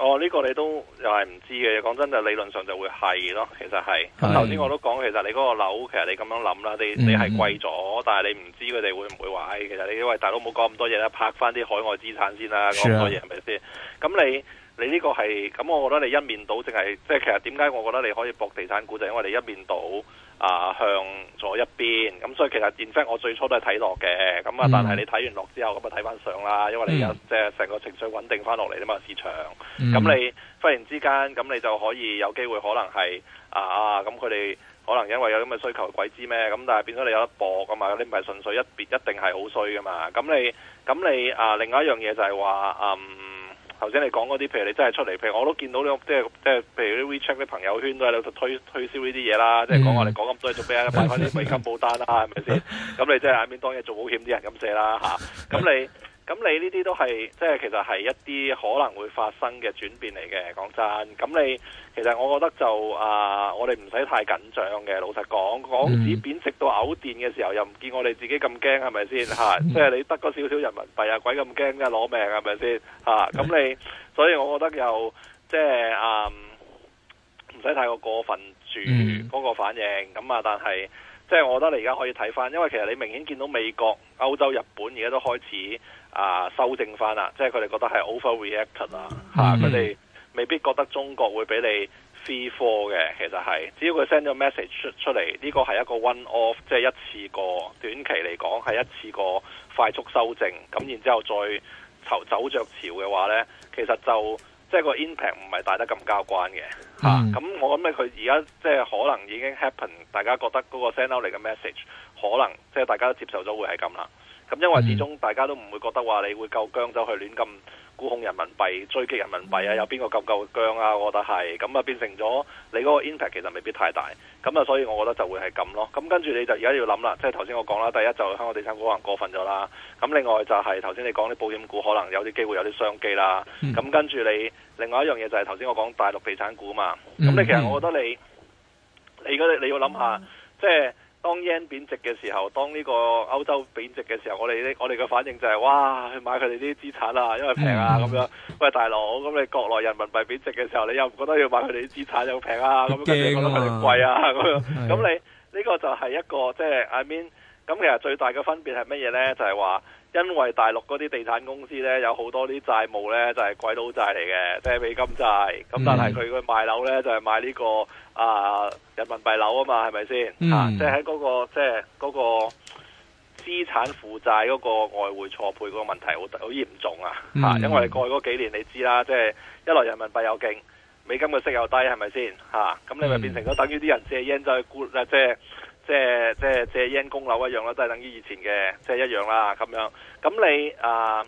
哦，呢、呢個你都又係唔知嘅，講真就理論上就會係咯，其實係。頭先我都講，其實你嗰個樓，其實你咁樣諗啦，你、嗯、你係貴咗，但係你唔知佢哋會唔會話，哎，其實你因為大佬冇講咁多嘢啦，拍翻啲海外資產先啦，講、啊、咁多嘢係咪先？咁你你呢個係咁，我覺得你一面倒，淨係即係其實點解我覺得你可以搏地產股，就係、係、因為你一面倒。啊、呃，向左一邊，咁、嗯、所以其實原則我最初都係睇落嘅，咁、嗯、啊、嗯，但係你睇完落之後，咁啊睇翻上啦，因為你有、嗯、即係成個情緒穩定翻落嚟啦嘛，市場，咁、嗯嗯、你忽然之間，咁你就可以有機會可能係啊啊，咁佢哋可能因為有咁嘅需求，鬼知咩？咁但係變咗你有得博噶嘛，你唔係純粹一別一定係好衰噶嘛，咁你咁你啊、呃，另外一樣嘢就係話嗯。頭先你講嗰啲，譬如你真係出嚟，譬如我都見到你即係即係譬如啲 WeChat 啲朋友圈都喺度推推銷呢啲嘢啦，即係講話你講咁多嘢做咩，買開啲美金保單啦，係咪先？咁、嗯嗯、你真係喺邊當日做保險啲人咁寫啦吓，咁、嗯、你。嗯咁你呢啲都係即係其實係一啲可能會發生嘅轉變嚟嘅，講真。咁你其實我覺得就啊、呃，我哋唔使太緊張嘅。老實講，港紙貶值到嘔電嘅時候，又唔見我哋自己咁驚係咪先？嚇，即係、嗯啊就是、你得嗰少少人民幣啊，鬼咁驚㗎，攞命係咪先？嚇，咁你所以我覺得又即係啊，唔、就、使、是呃、太過過分住嗰個反應咁啊、嗯，但係。即係我覺得你而家可以睇翻，因為其實你明顯見到美國、歐洲、日本而家都開始啊、呃、修正翻啦，即係佢哋覺得係 overreacted 啦吓，佢哋未必覺得中國會俾你 free fall 嘅，其實係只要佢 send 咗 message 出出嚟，呢、呢個係一個 one off，即係一次過短期嚟講係一次過快速修正，咁然之後再走走著潮嘅話呢，其實就即係個 impact 唔係大得咁交關嘅。咁、 啊、我諗咧，佢而家即係可能已經 happen，大家覺得嗰個 send out 嚟嘅 message 可能即係大家都接受咗會係咁啦。咁因為始終大家都唔會覺得話你會夠薑走去亂咁。沽空人民幣、追擊人民幣啊！有邊個夠夠薑啊？我覺得係咁啊，變成咗你嗰個 impact 其實未必太大。咁啊，所以我覺得就會係咁咯。咁跟住你就而家要諗啦，即係頭先我講啦，第一就香港地產股可能過分咗啦。咁另外就係頭先你講啲保險股可能有啲機會有啲商機啦。咁跟住你另外一樣嘢就係頭先我講大陸地產股嘛。咁你其實我覺得你你覺得你要諗下，即係。當 yen 貶值嘅時候，當呢個歐洲貶值嘅時候，我哋呢，我哋嘅反應就係、是、哇，去買佢哋啲資產啊，因為平啊咁、嗯、樣。喂大，大佬，咁你國內人民幣貶值嘅時候，你又唔覺得要買佢哋啲資產又平啊？驚啊！貴啊！咁咁你呢、這個就係一個即係、就是、I mean，咁其實最大嘅分別係乜嘢呢？就係、是、話。因為大陸嗰啲地產公司咧，有好多啲債務咧，就係鬼佬債嚟嘅，即係美金債。咁但係佢佢賣樓咧，就係買呢個啊人民幣樓啊嘛，係咪先？吓、嗯，即係喺嗰個即係嗰個資產負債嗰個外匯錯配嗰個問題好好嚴重啊！吓、啊嗯，因為你過去嗰幾年你知啦，即係一來人民幣又勁，美金嘅息又低，係咪先？吓、啊，咁你咪變成咗等於啲人借 Yen 去沽，即係。啊就是即係即係借 yen 供樓一,一樣啦，都係等於以前嘅，即係一樣啦咁樣。咁你啊，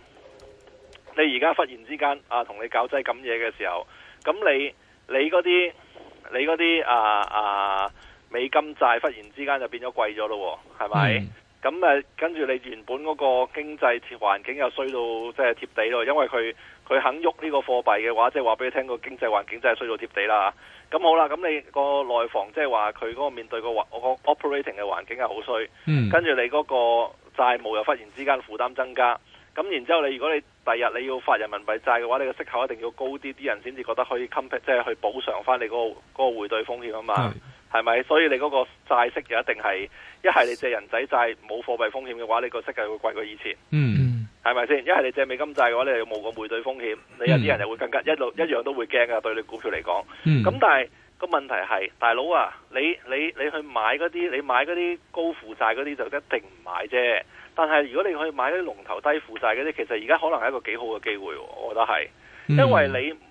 你而家忽然之間啊，同你搞啲咁嘢嘅時候，咁你你嗰啲你嗰啲啊啊美金債忽然之間就變咗貴咗咯，係咪？咁、嗯、誒，跟住你原本嗰個經濟環境又衰到即係貼地咯，因為佢。佢肯喐呢個貨幣嘅話，即係話俾你聽，個經濟環境真係衰到貼地啦。咁好啦，咁你個內房，即係話佢嗰個面對個我講 operating 嘅環境係好衰。跟、嗯、住你嗰個債務又忽然之間負擔增加，咁然之後你如果你第日，日你要發人民幣債嘅話，你個息口一定要高啲，啲人先至覺得可以 compete，即係去補償翻你嗰、個嗰、個、匯兌風險啊嘛。係咪？所以你嗰個債息就一定係一係你借人仔債冇貨幣風險嘅話，你個息係會貴過以前。嗯。係咪先？一係你借美金債嘅話，你就冇個匯兌風險。嗯、你有啲人就會更加一路一樣都會驚噶，對你股票嚟講。咁、嗯、但係個問題係，大佬啊，你你你去買嗰啲，你買嗰啲高負債嗰啲就一定唔買啫。但係如果你去買啲龍頭低負債嗰啲，其實而家可能係一個幾好嘅機會。哦，我覺得係。因為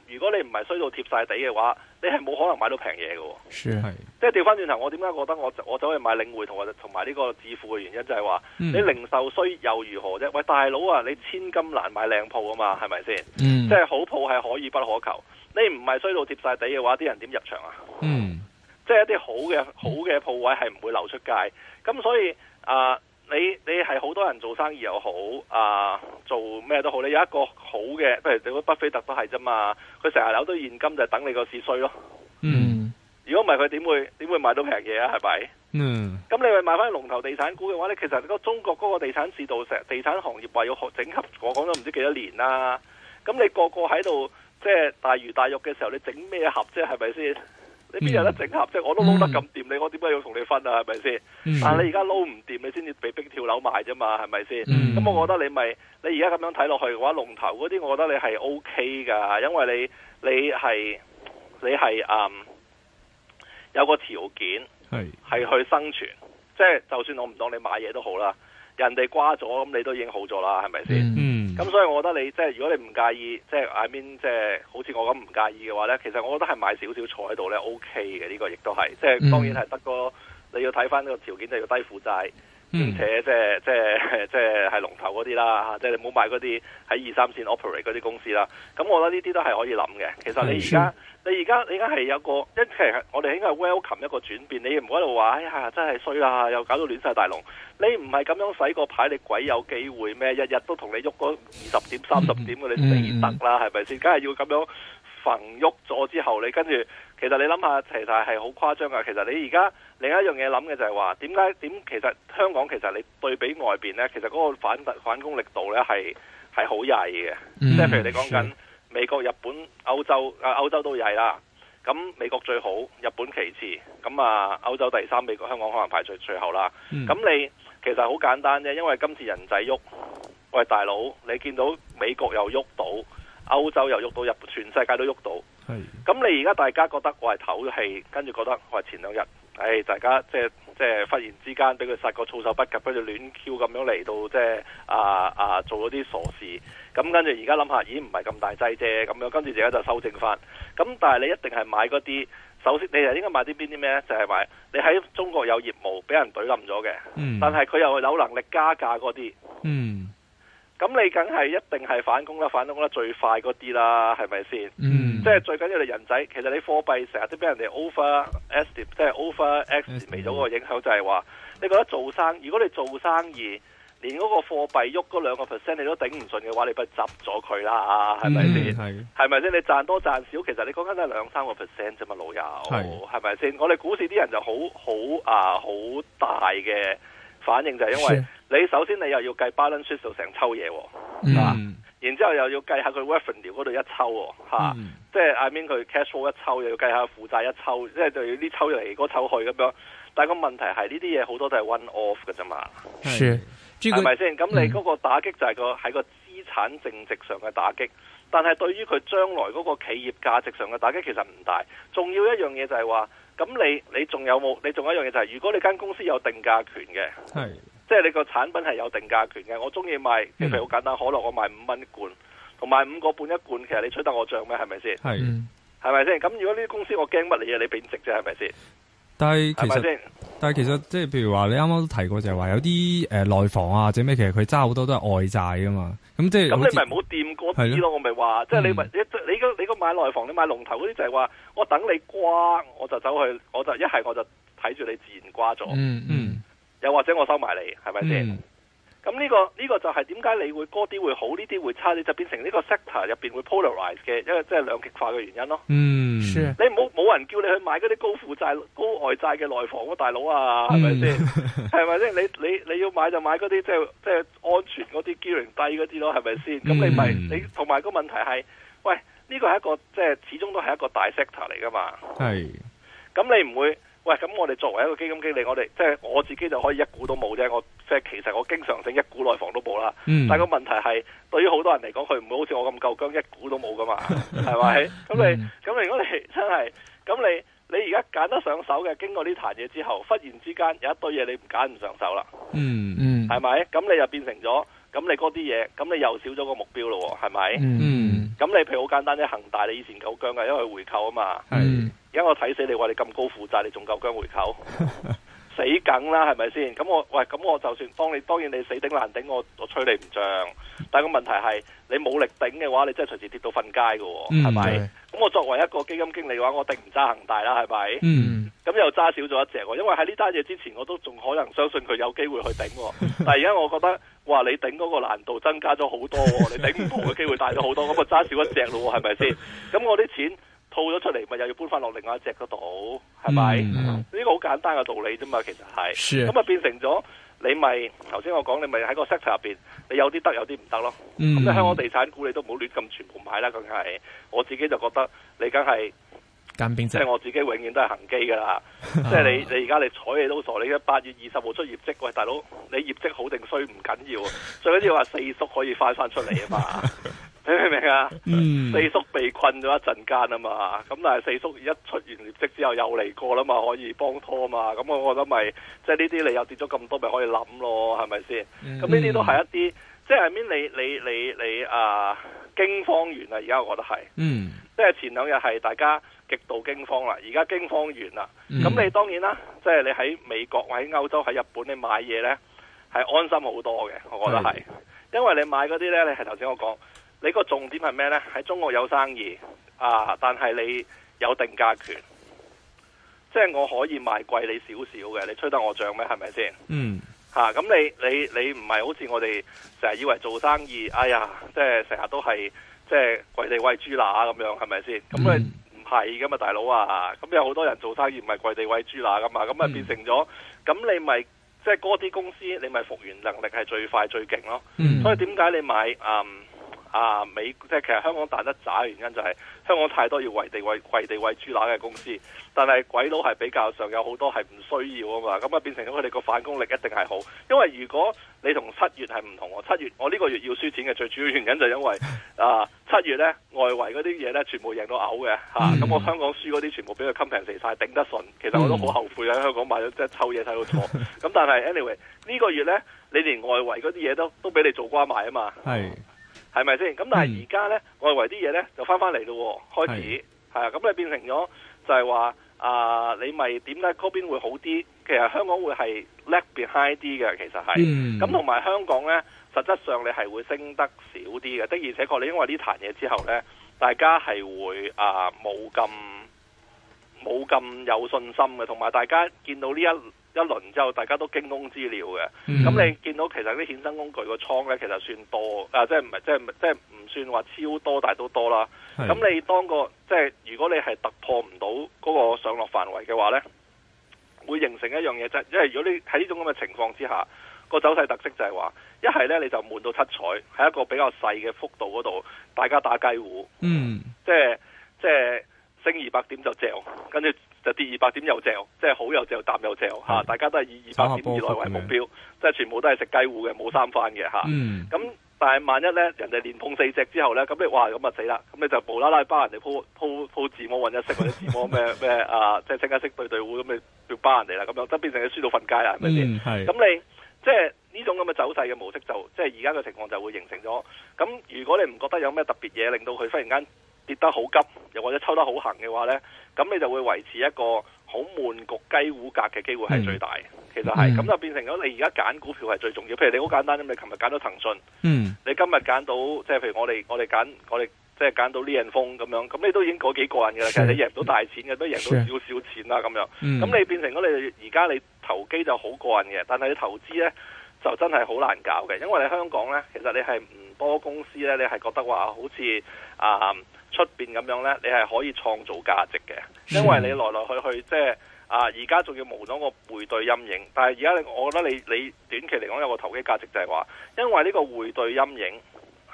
你如果你唔係衰到貼晒底嘅話，你係冇可能買到平嘢嘅，係即係調翻轉頭，我點解覺得我我走去買領匯同埋同埋呢個置富嘅原因就係話，你零售衰又如何啫？喂大佬啊，你千金難買靚鋪啊嘛，係咪先？即係好鋪係可遇不可求，你唔係衰到貼晒地嘅話，啲人點入場啊？即係一啲好嘅好嘅鋪位係唔會流出街。咁所以啊。你你係好多人做生意又好啊，做咩都好，你有一個好嘅，譬如如果巴菲特都係啫嘛，佢成日攞堆現金就是、等你個市衰咯。嗯、mm.，如果唔係佢點會點會買到平嘢啊？係咪？嗯，咁你咪買翻龍頭地產股嘅話咧，你其實嗰中國嗰個地產市道成地產行業話要學整合我不知多少年，啊，我講都唔知幾多年啦。咁你個個喺度即係大魚大肉嘅時候，你整咩合啫？係咪先？你邊有得整合，嗯？即我都撈得咁掂，嗯，你我點解要同你分啊？係咪先？但係你而家撈唔掂，你先至被逼跳樓賣啫嘛？係咪先？咁、嗯嗯、我覺得你咪、就是、你而家咁樣睇落去嘅話，龍頭嗰啲，我覺得你係 O K 噶，因為你你係你係嗯有個條件係係去生存，即、就、係、係、就算我唔當你買嘢都好啦，人哋瓜咗咁，你都已經好咗啦，係咪先？嗯咁、嗯、所以，我覺得你即係如果你唔介意，即係 I mean，即係好似我咁唔介意嘅話咧，其實我覺得係買少少坐喺度咧 OK 嘅，呢、呢個亦都係，即係當然係得個你要睇翻呢個條件，就要低負債。嗯、而且即係即係即係係龍頭嗰啲啦，即係你唔好買嗰啲喺二三線 operate 嗰啲公司啦。咁我覺得呢啲都係可以諗嘅。其實你而家你而家你而家係有一個一其實我哋應該 welcome 一個轉變。你唔好喺度話哎呀，真係衰啦，又搞到亂晒大龍。你唔係咁樣使個牌，你鬼有機會咩？日日都同你喐嗰二十點三十點，你死得啦，係咪先？梗係要咁樣焚喐咗之後，你跟住其實你諗下，其實係好誇張噶。其實你而家。另一樣嘢諗嘅就係話點解點其實香港，其實你對比外邊呢，其實嗰個反反攻力度呢係係好曳嘅，即係、嗯、譬如你講緊美國、日本、歐洲啊，歐洲都曳啦。咁美國最好，日本其次，咁啊歐洲第三，美國香港可能排在最後啦。咁、嗯、你其實好簡單啫，因為今次人仔喐，喂大佬，你見到美國又喐到，歐洲又喐到，日本全世界都喐到，咁你而家大家覺得我係唞氣，跟住覺得我係前兩日。誒、哎，大家即係即係忽然之間俾佢殺個措手不及，跟住亂 Q 咁樣嚟到，即係啊啊做咗啲傻事。咁跟住而家諗下，已經唔係咁大劑啫，咁樣跟住而家就修正翻。咁但係你一定係買嗰啲，首先你應應該買啲邊啲咩咧？就係、是、買你喺中國有業務，俾人懟冧咗嘅，但係佢又有能力加價嗰啲。嗯。咁你梗係一定係反攻啦，反攻得最快嗰啲啦，係咪先？嗯。即、係最緊要你人仔，其實你貨幣成日都俾人哋 over asset，即係 over asset 微咗嗰個影響就，就係話你覺得做生意，如果你做生意連嗰個貨幣喐嗰兩個 percent 你都頂唔順嘅話，你不如執咗佢啦係咪先？係咪先？你賺多賺少，其實你講緊都係兩三個 percent 啫嘛，老友，係咪先？我哋股市啲人就好好啊，好大嘅反應就係因為你首先你又要計 balance sheet 成抽嘢，喎。嗯然之後又要計下佢 revenue 嗰度一抽喎、嗯啊，即係 I mean 佢 cash flow 一抽又要計下負債一抽，即係就要呢抽入嚟嗰抽去咁樣。但個問題係呢啲嘢好多都係 one off 㗎啫嘛。係，係咪先？咁、嗯、你嗰個打擊就係個喺個資產淨值上嘅打擊，但係對於佢將來嗰個企業價值上嘅打擊其實唔大。仲要一樣嘢就係話，咁你你仲有冇？你仲有，有，有一樣嘢就係、是，如果你間公司有定價權嘅，即係你個產品係有定價權嘅，我中意賣，譬如好簡單可樂，我賣五蚊一罐，同埋五個半一罐，其實你取得我賬咩？係咪先？係，係咪先？咁如果呢啲公司，我驚乜嘢，你啊？唔貶值啫，係咪先？但係其實，但係其實即係譬如話，你啱啱都提過，就係話有啲誒內房啊，或者咩，其實佢揸好多都係外債噶嘛。咁即係咁，你咪唔好掂嗰啲咯。我咪話，即係你咪你你個買內房，你買龍頭嗰啲就係話，我等你瓜，我就走去，我就一係我就睇住你自然瓜咗。嗯嗯。又或者我收埋你，係咪先？咁、嗯、呢、這個呢、這個就係點解你會高啲會好，呢啲會差，你就變成呢個 sector 入邊會 polarize 嘅，因為即係兩極化嘅原因咯。嗯，你冇冇人叫你去買嗰啲高負債、高外債嘅內房啊，大佬啊，係咪先？係咪先？你你你要買就買嗰啲即係即係安全嗰啲，gearing 低嗰啲咯，係咪先？咁你咪、嗯、你同埋個問題係，喂，呢、這個係一個即係始終都係一個大 sector 嚟噶嘛？係，咁你唔會？喂，咁我哋作為一個基金經理，我哋即係我自己就可以一股都冇啫。我即係其實我經常性一股內房都冇啦、嗯。但係個問題係，對於好多人嚟講，佢唔會好似我咁夠姜，一股都冇噶嘛，係 咪？咁你咁，嗯、如果你真係咁你你而家揀得上手嘅，經過呢壇嘢之後，忽然之間有一堆嘢你唔揀唔上手啦。嗯嗯，係咪？咁你又變成咗。咁你嗰啲嘢，咁你又少咗個目標咯、哦，係咪？嗯，咁你譬如好簡單，啫，恒大你以前夠僵嘅，因為回購啊嘛。係，而家我睇死你話你咁高負債，你仲夠僵回購， 死梗啦，係咪先？咁我喂，咁我就算當你當然你死頂爛頂，我我催你唔漲。但個問題係你冇力頂嘅話，你真係隨時跌到瞓街噶、哦、係、嗯、咪？咁我作為一個基金經理嘅話，我定唔揸恒大啦，係咪？嗯，咁又揸少咗一隻，因為喺呢單嘢之前，我都仲可能相信佢有機會去頂、啊。但而家我覺得。哇你頂嗰個難度增加咗好多、哦、多，你頂唔到嘅機會大咗好多，咁啊揸少一隻咯，係咪先？咁我啲錢套咗出嚟，咪又要搬翻落另外一隻嗰度，係咪？呢個好簡單嘅道理啫嘛，其實係。咁啊變成咗你咪頭先我講，你咪喺個 sector 入邊，你有啲得，有啲唔得咯。咁、嗯、你香港地產股你都唔好亂咁全部買啦，梗係。我自己就覺得你梗係。即、就、係、是、我自己永遠都係行機㗎啦，即係你你而家你睬你都傻。你而家八月二十號出業績，喂大佬你業績好定衰唔緊要，最緊要話四叔可以翻翻出嚟啊嘛， 明唔明啊？嗯、四叔被困咗一陣間啊嘛，咁但係四叔一出完業績之後又嚟過啦嘛，可以幫拖啊嘛，咁、嗯嗯、我覺得咪即係呢啲你又跌咗咁多咪可以諗咯，係咪先？咁呢啲都係一啲、嗯、即係邊你你你你，你啊？驚慌完啦，而家我覺得係，嗯，即係前兩日係大家極度驚慌啦，而家驚慌完啦。嗯，咁你當然啦，即係你喺美國或喺歐洲、喺日本，你買嘢呢係安心好多嘅，我覺得係，因為你買嗰啲呢，你係頭先我講，你個重點係咩呢？喺中國有生意啊，但係你有定價權，即係我可以賣貴你少少嘅，你吹得我漲咩？係咪先？嗯。吓、啊、咁你你你唔係好似我哋成日以為做生意，哎呀，即係成日都係即係跪地餵豬乸咁樣，係咪先？咁你唔係噶嘛，大佬啊，咁有好多人做生意唔係跪地餵豬乸噶嘛，咁啊變成咗，咁、嗯、你咪即係嗰啲公司，你咪復原能力係最快最勁咯、嗯。所以點解你買？嗯啊，美即係其實香港彈得渣嘅原因就係、是、香港太多要圍地餵跪地餵豬乸嘅公司，但係鬼佬係比較上有好多係唔需要啊嘛，咁啊變成咗佢哋個反攻力一定係好，因為如果你同七月係唔同，七月我呢個月要輸錢嘅最主要原因就係因為啊七月呢，外圍嗰啲嘢呢全部贏到嘔嘅吓，咁、啊嗯啊、我香港輸嗰啲全部俾佢襟平死晒，頂得順，其實我都好後悔喺香港買咗即係抽嘢睇到錯，咁 但係 anyway 呢個月呢，你連外圍嗰啲嘢都都俾你做瓜賣啊嘛，係。係咪先？咁但係而家呢，嗯、我以為啲嘢呢就翻返嚟咯，開始係啊，咁你變成咗就係話啊，你咪點解嗰邊會好啲？其實香港會係 lag behind 啲嘅，其實係咁，同埋香港呢，實質上你係會升得少啲嘅，的而且確你因為呢壇嘢之後呢，大家係會啊冇咁冇咁有信心嘅，同埋大家見到呢一。一輪之後大家都驚弓之鳥嘅，咁、嗯、你見到其實啲衍生工具個倉咧其實算多，啊即係唔係即係即係唔算話超多，但係都多啦。咁你當個即係如果你係突破唔到嗰個上落範圍嘅話咧，會形成一樣嘢，即係因為如果你喺呢種咁嘅情況之下，個走勢特色就係話，一係咧你就悶到七彩，喺一個比較細嘅幅度嗰度，大家打雞糊，嗯，即係即係。升二百點就正，跟住就跌二百點又正，即係好又正，淡又正。嚇，大家都係以二百點以內為目標，即係全部都係食雞糊嘅，冇三番嘅嚇。咁、嗯啊、但係萬一咧，人哋連碰四隻之後咧，咁你哇咁啊死啦！咁你就無啦啦包人哋鋪鋪鋪自摸混一色或者自摸咩咩啊，即係清一色對對糊咁，你要包人哋啦，咁樣即變成你輸到瞓街啦，係咪先？咁、嗯、你即係呢種咁嘅走勢嘅模式就，就即係而家嘅情況就會形成咗。咁如果你唔覺得有咩特別嘢令到佢忽然間，跌得好急，又或者抽得好行嘅話呢，咁你就會維持一個好悶局雞虎格嘅機會係最大、嗯。其實係，咁就變成咗你而家揀股票係最重要。譬如你好簡單咁，你琴日揀咗騰訊，嗯、你今日揀到，即係譬如我哋我哋揀我哋即係揀到呢人風咁樣，咁你都已經攰幾過癮嘅啦，其實你贏唔到大錢嘅，都、嗯、贏到少少錢啦咁樣。咁、嗯、你變成咗你而家你投機就好過癮嘅，但係你投資呢。就真係好難搞嘅，因為你香港呢，其實你係唔多公司呢，你係覺得話好似啊出面咁樣呢，你係可以創造價值嘅，因為你來來去去即係啊，而家仲要無咗個匯兌陰影，但係而家我覺得你你短期嚟講有個投機價值就係、是、話，因為呢個匯兌陰影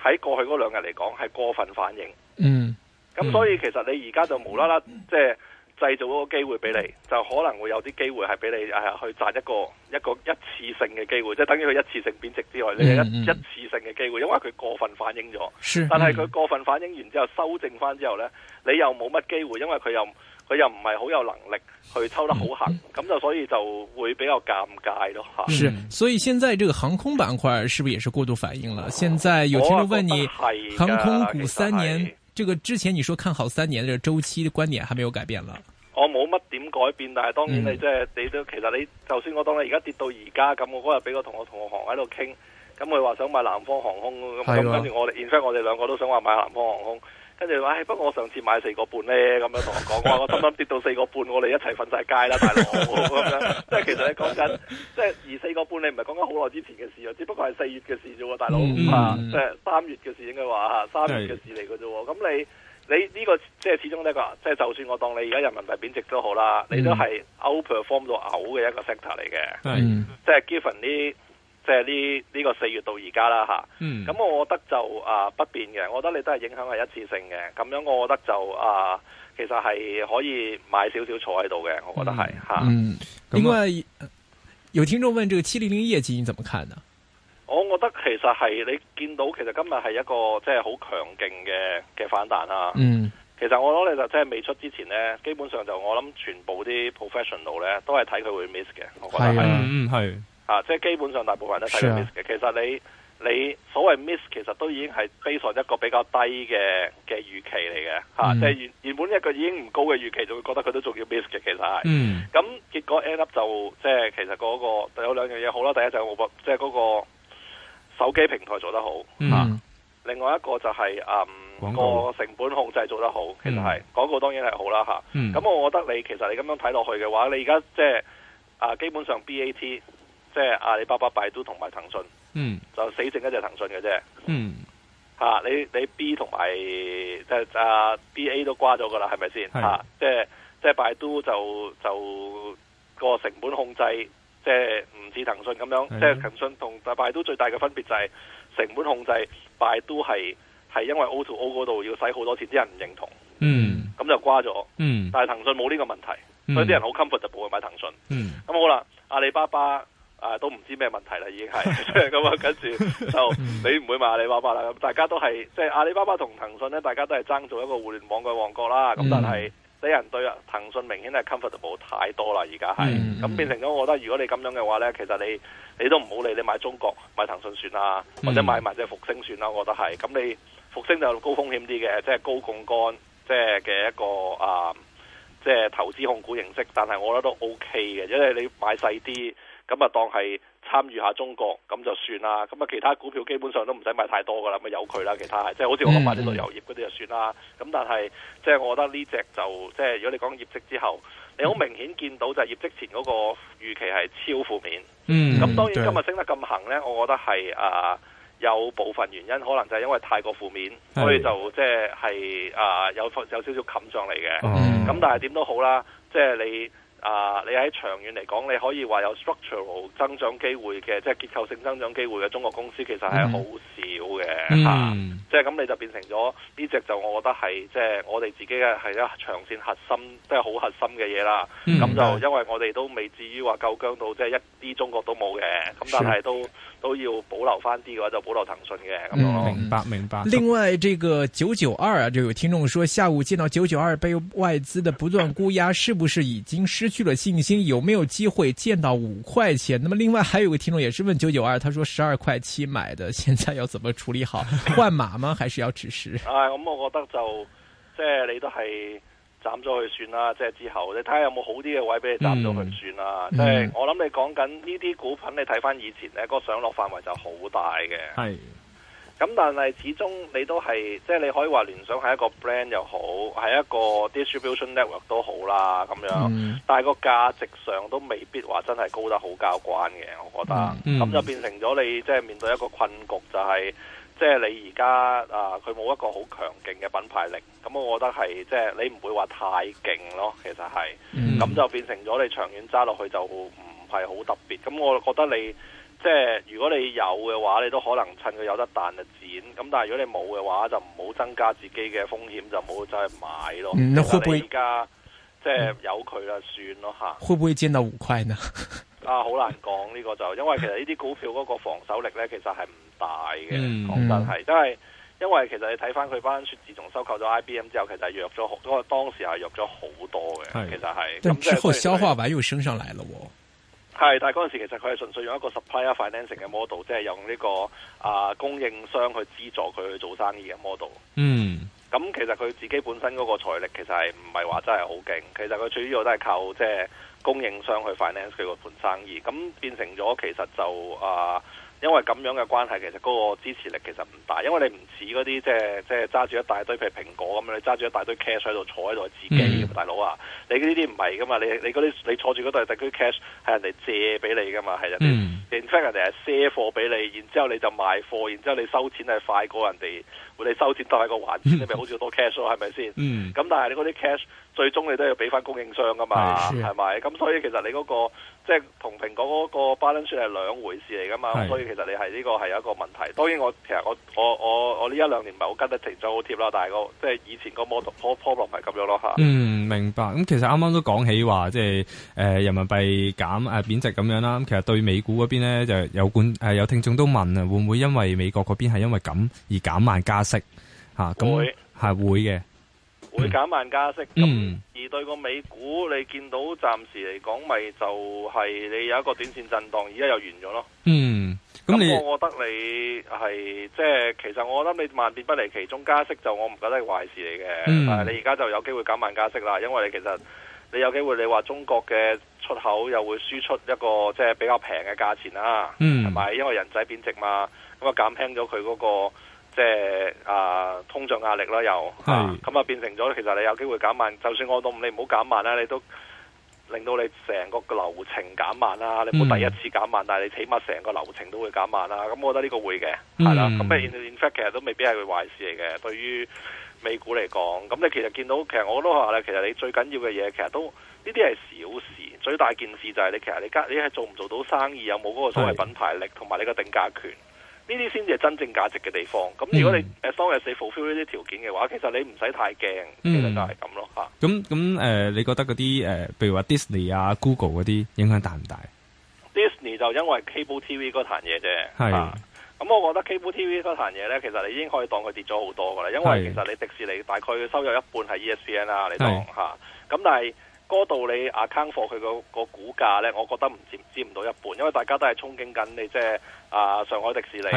喺過去嗰兩日嚟講係過分反應，嗯，咁所以其實你而家就無啦啦、嗯、即係。製造嗰個機會俾你，就可能會有啲機會係俾你誒去賺一個一個一次性嘅機會，即係等於佢一次性貶值之外，你係一一次性嘅機會，因為佢過分反應咗、嗯。但係佢過分反應完之後，嗯、修正返之後呢，你又冇乜機會，因為佢又佢又唔係好有能力去抽得好行，咁、嗯、就所以就會比較尷尬咯嚇。所以現在這個航空板塊是不是也是過度反應了？現在有請我問你，航空股三年。這個之前你說看好三年的、這個、周期的觀點，還沒有改變了。我冇乜點改變，但係當然你即、就、係、是嗯、你都其實你就算我當你而家跌到而家咁，那我嗰日俾我同我同學行喺度傾，咁佢話想買南方航空咁，跟住我哋 even 我哋兩個都想話買南方航空。跟住話，不過我上次買四個半咧，咁樣同我講，我話我啱啱跌到四個半，我哋一齊瞓晒街啦，大佬咁 樣。即係其實你講緊，即係二四個半，你唔係講緊好耐之前嘅事啊，只不過係四月嘅事啫喎，大佬、嗯、啊，即係三月嘅事應該話吓，三月嘅事嚟嘅啫喎。咁、嗯、你你呢個即係始終呢個，即係、就係、就算我當你而家人民幣貶值都好啦，你都係 outperform 到嘔嘅一個 sector 嚟嘅、嗯，即係 given 啲。即係呢呢個四月到而家啦吓，咁、嗯、我覺得就啊、呃、不變嘅，我覺得你都係影響係一次性嘅，咁樣我覺得就啊、呃，其實係可以買少少坐喺度嘅，我覺得係吓。嗯，另、嗯、外、啊嗯、有聽眾問，呢個七零零業績你怎麼看呢？我覺得其實係你見到，其實今日係一個即係好強勁嘅嘅反彈啦。嗯，其實我諗你就真係未出之前呢，基本上就我諗全部啲 professional 咧都係睇佢會 miss 嘅，我覺得係，係、啊。啊！即係基本上，大部分人都睇到 miss 嘅。Sure. 其實你你所謂 miss，其實都已經係 based on 一個比較低嘅嘅預期嚟嘅，即係原原本一個已經唔高嘅預期，就會覺得佢都仲要 miss 嘅。其實係咁、mm. 嗯、結果 end up 就即係其實嗰、嗰個有兩樣嘢好啦。第一就係即係嗰個手機平台做得好嚇、mm. 啊，另外一個就係、是、嗯廣告成本控制做得好。其實係廣、mm. 告當然係好啦嚇。咁、啊 mm. 我覺得你其實你咁樣睇落去嘅話，你而家即係啊，基本上 B A T。即係阿里巴巴、百度同埋騰訊，嗯，就死剩一隻騰訊嘅啫，嗯，吓、啊、你你 B 同埋即係啊 B A 都瓜咗噶啦，係咪先吓？即係即係百度就就、那個成本控制，即係唔似騰訊咁樣，即係騰訊同百、百度最大嘅分別就係、是、成本控制，百度係係因為 O to O 嗰度要使好多錢，啲人唔認同，嗯，咁就瓜咗，嗯，但係騰訊冇呢個問題，嗯、所以啲人好 comfort 就冇去買騰訊，嗯，咁好啦，阿里巴巴。啊，都唔知咩問題啦，已經係咁啊！跟住就你唔會買阿里巴巴啦，咁大家都係即係阿里巴巴同騰訊咧，大家都係爭做一個互聯網嘅旺角啦。咁、嗯、但係啲人對騰訊明顯係 comfortable 太多啦，而家係咁變成咗。我覺得如果你咁樣嘅話咧，其實你你都唔好理你買中國買騰訊算啦、嗯，或者買埋即係復星算啦。我覺得係咁，你復星就高風險啲嘅，即係高槓桿即係嘅一個啊，即係投資控股形式。但係我覺得都 OK 嘅，因為你買細啲。咁啊，當係參與下中國咁就算啦。咁啊，其他股票基本上都唔使買太多噶啦，咪有佢啦。其他即係好似我買啲旅遊業嗰啲就算啦。咁、嗯、但係即係我覺得呢隻就即係、就是、如果你講業績之後，嗯、你好明顯見到就業績前嗰個預期係超負面。嗯。咁當然今日升得咁行咧，我覺得係、呃、有部分原因可能就係因為太過負面，所以就即係、就是呃、有有少少冚上嚟嘅。咁、嗯、但係點都好啦，即、就、係、是、你。啊、uh，你喺長遠嚟講，你可以話有 structural 增長機會嘅，即係結構性增長機會嘅中國公司，其實係好少嘅嚇。Mm. 啊 mm. 即係咁，你就變成咗呢隻就，我覺得係即係我哋自己嘅係一長線核心，即係好核心嘅嘢啦。咁、mm. 就因為我哋都未至於話夠僵到即係一啲中國都冇嘅，咁但係都。Sure. 都要保留翻啲嘅話就保留騰訊嘅。咁樣咯。嗯，明白明白。另外，這個九九二啊，就有聽眾說下午見到九九二被外資的不斷沽壓，是不是已經失去了信心？有沒有機會見到五塊錢？那麼另外還有個聽眾也是問九九二，他說十二塊七買的，現在要怎麼處理好？換碼嗎？還是要止蝕？唉、 哎、咁、嗯、我覺得就即係、呃、你都係。斬咗去算啦，即係之後你睇下有冇好啲嘅位俾你斬咗佢算啦。即、嗯、係、嗯就是、我諗你講緊呢啲股份，你睇翻以前咧、那個上落範圍就好大嘅。咁但係始終你都係，即、就、係、是、你可以話聯想係一個 brand 又好，係一個 distribution network 都好啦咁樣。嗯、但係個價值上都未必話真係高得好交關嘅，我覺得。咁、嗯嗯、就變成咗你即係、就是、面對一個困局就係、是。即係你而家啊，佢冇一個好強勁嘅品牌力，咁我覺得係即係你唔會話太勁咯，其實係，咁、嗯、就變成咗你長遠揸落去就唔係好特別。咁我覺得你即係如果你有嘅話，你都可能趁佢有得彈就剪。咁但係如果你冇嘅話，就唔好增加自己嘅風險，就冇再去買咯。你、嗯、會唔會而家即係有佢啦，算咯嚇、嗯。會唔會煎到五塊呢？ 啊，好難講呢、這個就因為其實呢啲股票嗰個防守力咧，其實係唔大嘅，講真係，因為因為其實你睇返佢班雪，自從收購咗 IBM 之後，其實係弱咗好多，當時係弱咗好多嘅，其實係。咁、就是、之後消化完又升上嚟了喎。係，但係嗰陣時其實佢係純粹用一個 supplier financing 嘅 model，即係用呢、這個啊、呃、供應商去資助佢去做生意嘅 model。嗯。咁其實佢自己本身嗰個財力其實係唔係話真係好勁，其實佢主要都係靠即係。就是供應商去 finance 佢個盤生意，咁變成咗其實就啊、呃，因為咁樣嘅關係，其實嗰個支持力其實唔大，因為你唔似嗰啲即係即係揸住一大堆譬如蘋果咁樣，你揸住一大堆 cash 喺度坐喺度自己咁、嗯、大佬啊，你呢啲唔係噶嘛，你你啲你，你坐住嗰度，但佢 cash 係人哋借俾你噶嘛，係啊，除、嗯、非人哋係賒貨俾你，然之後你就賣貨，然之後你收錢係快過人哋，你收錢都係個還錢，嗯、你咪好似好多 cash 咯，係咪先？咁但係你嗰啲 cash。最終你都要俾翻供應商噶嘛，係咪？咁所以其實你嗰、那個即係同蘋果嗰個 balance 係兩回事嚟噶嘛。所以其實你係呢個係一個問題。當然我其實我我我我呢一兩年唔好跟得停咗好貼啦，但係個即係以前個 model problem 咁樣咯吓，嗯，明白。咁其實啱啱都講起話，即、呃、係人民幣減誒貶值咁樣啦。咁其實對美股嗰邊咧就有關、呃、有聽眾都問啊，會唔會因為美國嗰邊係因為咁而減慢加息？吓，咁係會嘅。嗯、會減慢加息，咁、嗯、而對個美股，你見到暫時嚟講，咪就係、是、你有一個短線震盪，而家又完咗咯。嗯，咁我我覺得你係即係，其實我覺得你萬變不離其中，加息就我唔覺得係壞事嚟嘅、嗯。但係你而家就有機會減慢加息啦，因為其實你有機會，你話中國嘅出口又會輸出一個即係、就是、比較平嘅價錢啦。嗯，係咪？因為人仔貶值嘛，咁啊減輕咗佢嗰個。即係啊，通脹壓力啦又，咁啊就變成咗，其實你有機會減慢。就算我當你唔好減慢啦，你都令到你成個個流程減慢啦。你冇第一次減慢，嗯、但係你起碼成個流程都會減慢啦。咁我覺得呢個會嘅，係、嗯、啦。咁、嗯、其實都未必係壞事嚟嘅，對於美股嚟講。咁你其實見到，其實我都話咧，其實你最緊要嘅嘢，其實都呢啲係小事。最大件事就係你其實你家你係做唔做到生意，有冇嗰個所謂品牌力同埋你嘅定價權。呢啲先至係真正價值嘅地方。咁如果你誒，sorry，你 fulfill 呢啲條件嘅話、嗯，其實你唔使太驚、嗯，其實就係咁咯嚇。咁咁誒，你覺得嗰啲誒，譬、呃、如話 Disney 啊、Google 嗰啲影響大唔大？Disney 就因為 Cable TV 嗰壇嘢啫。係。咁、啊、我覺得 Cable TV 嗰壇嘢咧，其實你已經可以當佢跌咗好多噶啦。因為其實你迪士尼大概收入一半係 ESPN 啊。你當嚇。咁、啊、但係嗰度你 account for 佢個個股價咧，我覺得唔接接唔到一半，因為大家都係憧憬緊你即係。啊！上海迪士尼啦，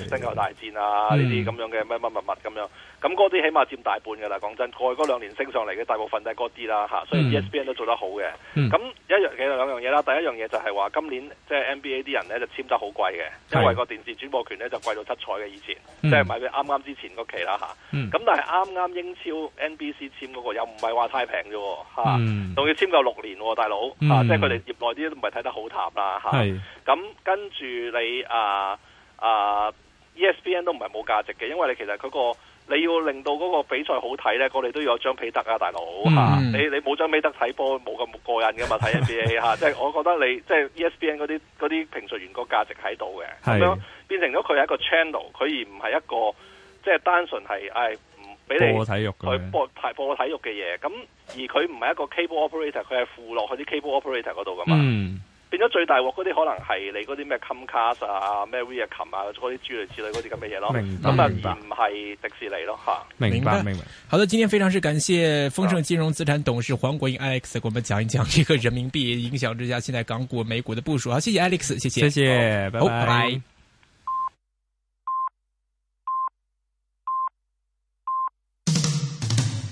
星球、啊、大戰啊，呢啲咁樣嘅乜乜乜物咁樣，咁嗰啲起碼佔大半噶啦。講真，過去嗰兩年升上嚟嘅大部分都係嗰啲啦嚇。所以 ESPN 都做得好嘅。咁、嗯、一樣其實兩樣嘢啦。第一樣嘢就係話今年即係、就是、NBA 啲人咧就簽得好貴嘅，因為個電視轉播權咧就貴到七彩嘅以前，即係買佢啱啱之前個期啦嚇。咁、啊嗯、但係啱啱英超 NBC 簽嗰個又唔係話太平啫嚇，仲、啊嗯、要簽夠六年喎、啊，大佬即係佢哋業內啲都唔係睇得好淡啦嚇。咁、啊啊、跟住你。啊啊！ESPN 都唔係冇價值嘅，因為你其實嗰、嗰個你要令到嗰個比賽好睇咧，我哋都要有張彼得啊，大佬吓、嗯啊！你你冇張彼得睇波冇咁過癮噶嘛？睇 NBA 吓，即、就、係、是、我覺得你即係、就是、ESPN 嗰啲嗰啲評述員個價值喺度嘅，咁樣變成咗佢係一個 channel，佢而唔係一個即係、就是、單純係誒唔俾你播體育嘅播台播體育嘅嘢，咁而佢唔係一個 cable operator，佢係附落去啲 cable operator 嗰度噶嘛。嗯變咗最大鑊嗰啲可能係你嗰啲咩 Comcast 啊咩 Viacom 啊嗰啲諸類之類嗰啲咁嘅嘢咯，明白明白。唔係迪士尼咯明白明白，明白。好的，今天非常是感謝豐盛金融資產董事黃國英 Alex，給我們講一講這個人民幣影響之下，現在港股美股的部署。好，謝謝 Alex，謝謝，謝謝，拜拜。Bye bye。